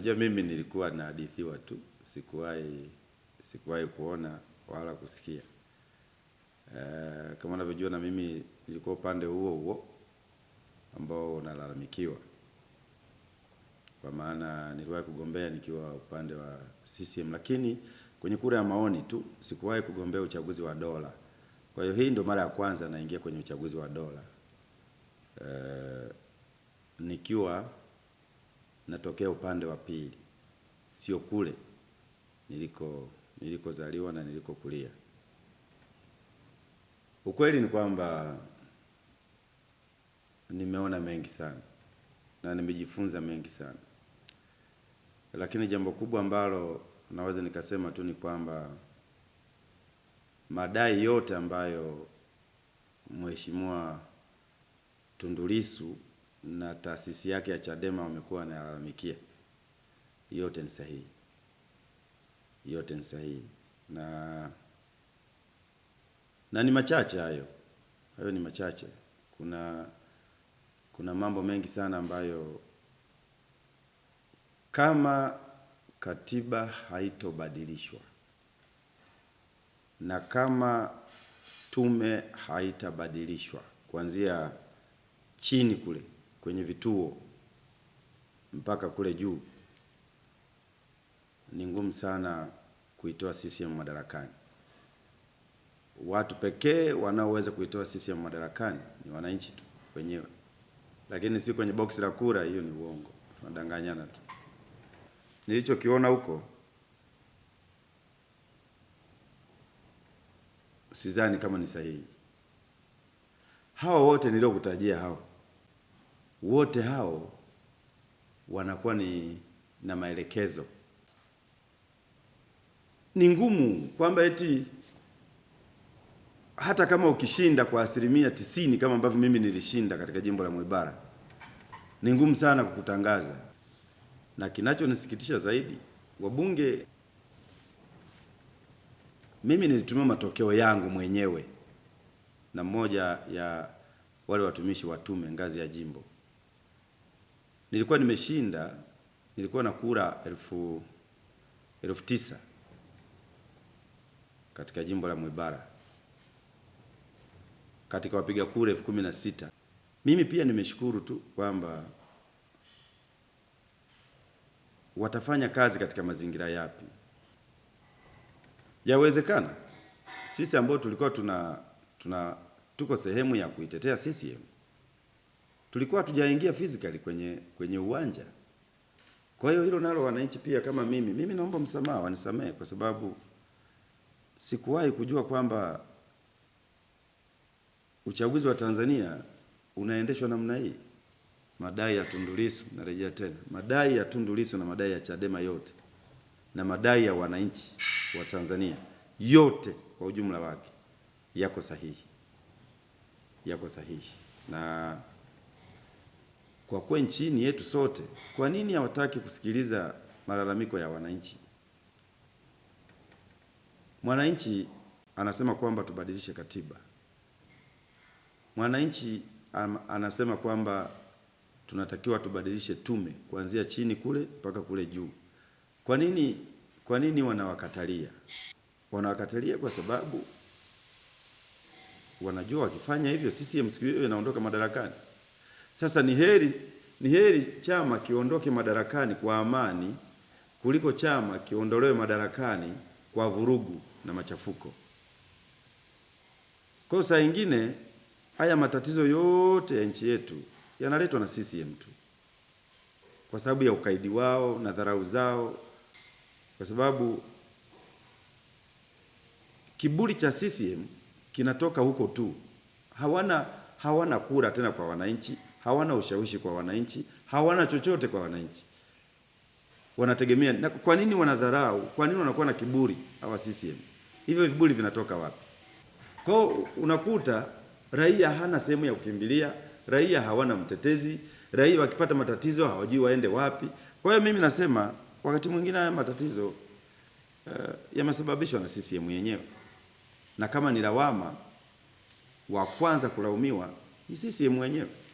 Unajua, mimi nilikuwa nahadithiwa tu, sikuwahi sikuwahi kuona wala kusikia. Uh, kama unavyojua na mimi nilikuwa upande huo huo ambao unalalamikiwa, kwa maana niliwahi kugombea nikiwa upande wa CCM, lakini kwenye kura ya maoni tu, sikuwahi kugombea uchaguzi wa dola. Kwa hiyo hii ndio mara ya kwanza naingia kwenye uchaguzi wa dola uh, nikiwa natokea upande wa pili, sio kule niliko nilikozaliwa na nilikokulia. Ukweli ni kwamba nimeona mengi sana na nimejifunza mengi sana, lakini jambo kubwa ambalo naweza nikasema tu ni kwamba madai yote ambayo Mheshimiwa Tundu Lissu na taasisi yake ya Chadema wamekuwa wanalalamikia. Yote ni sahihi, yote ni sahihi na na ni machache hayo, hayo ni machache. Kuna kuna mambo mengi sana ambayo kama katiba haitobadilishwa na kama tume haitabadilishwa kuanzia chini kule kwenye vituo mpaka kule juu, ni ngumu sana kuitoa CCM madarakani. Watu pekee wanaoweza kuitoa CCM madarakani ni wananchi tu wenyewe, lakini si kwenye boksi la kura. Hiyo ni uongo, tunadanganyana tu. Nilichokiona huko sidhani kama ni sahihi. Hao wote niliokutajia hao wote hao wanakuwa ni na maelekezo. Ni ngumu kwamba eti hata kama ukishinda kwa asilimia tisini kama ambavyo mimi nilishinda katika jimbo la Mwibara, ni ngumu sana kukutangaza. Na kinachonisikitisha zaidi, wabunge, mimi nilitumia matokeo yangu mwenyewe na mmoja ya wale watumishi wa tume ngazi ya jimbo nilikuwa nimeshinda, nilikuwa na kura elfu, elfu tisa katika jimbo la Mwibara katika wapiga kura elfu kumi na sita. Mimi pia nimeshukuru tu kwamba watafanya kazi katika mazingira yapi. Yawezekana sisi ambao tulikuwa tuna, tuna tuko sehemu ya kuitetea CCM tulikuwa hatujaingia physically kwenye kwenye uwanja. Kwa hiyo hilo nalo wananchi pia kama mimi, mimi naomba msamaha, wanisamehe kwa sababu sikuwahi kujua kwamba uchaguzi wa Tanzania unaendeshwa namna hii. Madai ya Tundu Lissu, narejea tena, madai ya Tundu Lissu na madai ya Chadema yote na madai ya wananchi wa Tanzania yote kwa ujumla wake yako sahihi, yako sahihi na kwa kuwa ni yetu sote, kwa nini hawataki kusikiliza malalamiko ya wananchi? Mwananchi anasema kwamba tubadilishe katiba, mwananchi anasema kwamba tunatakiwa tubadilishe tume kuanzia chini kule mpaka kule juu. Kwa nini, kwa nini wanawakatalia? Wanawakatalia kwa sababu wanajua wakifanya hivyo sisi siku inaondoka madarakani. Sasa ni heri, ni heri chama kiondoke madarakani kwa amani kuliko chama kiondolewe madarakani kwa vurugu na machafuko. Kwa saa ingine haya matatizo yote ya nchi yetu yanaletwa na CCM tu, kwa sababu ya ukaidi wao na dharau zao, kwa sababu kiburi cha CCM kinatoka huko tu. Hawana hawana kura tena kwa wananchi hawana ushawishi kwa wananchi, hawana chochote kwa wananchi, wanategemea na. Kwa nini wanadharau? Kwa nini wanakuwa na kiburi hawa CCM? Hivyo viburi vinatoka wapi? Kwa unakuta raia hana sehemu ya kukimbilia, raia hawana mtetezi, raia wakipata matatizo hawajui waende wapi. Kwa hiyo mimi nasema wakati mwingine haya matatizo uh, yamesababishwa na CCM yenyewe, na kama ni lawama, wa kwanza kulaumiwa ni CCM wenyewe.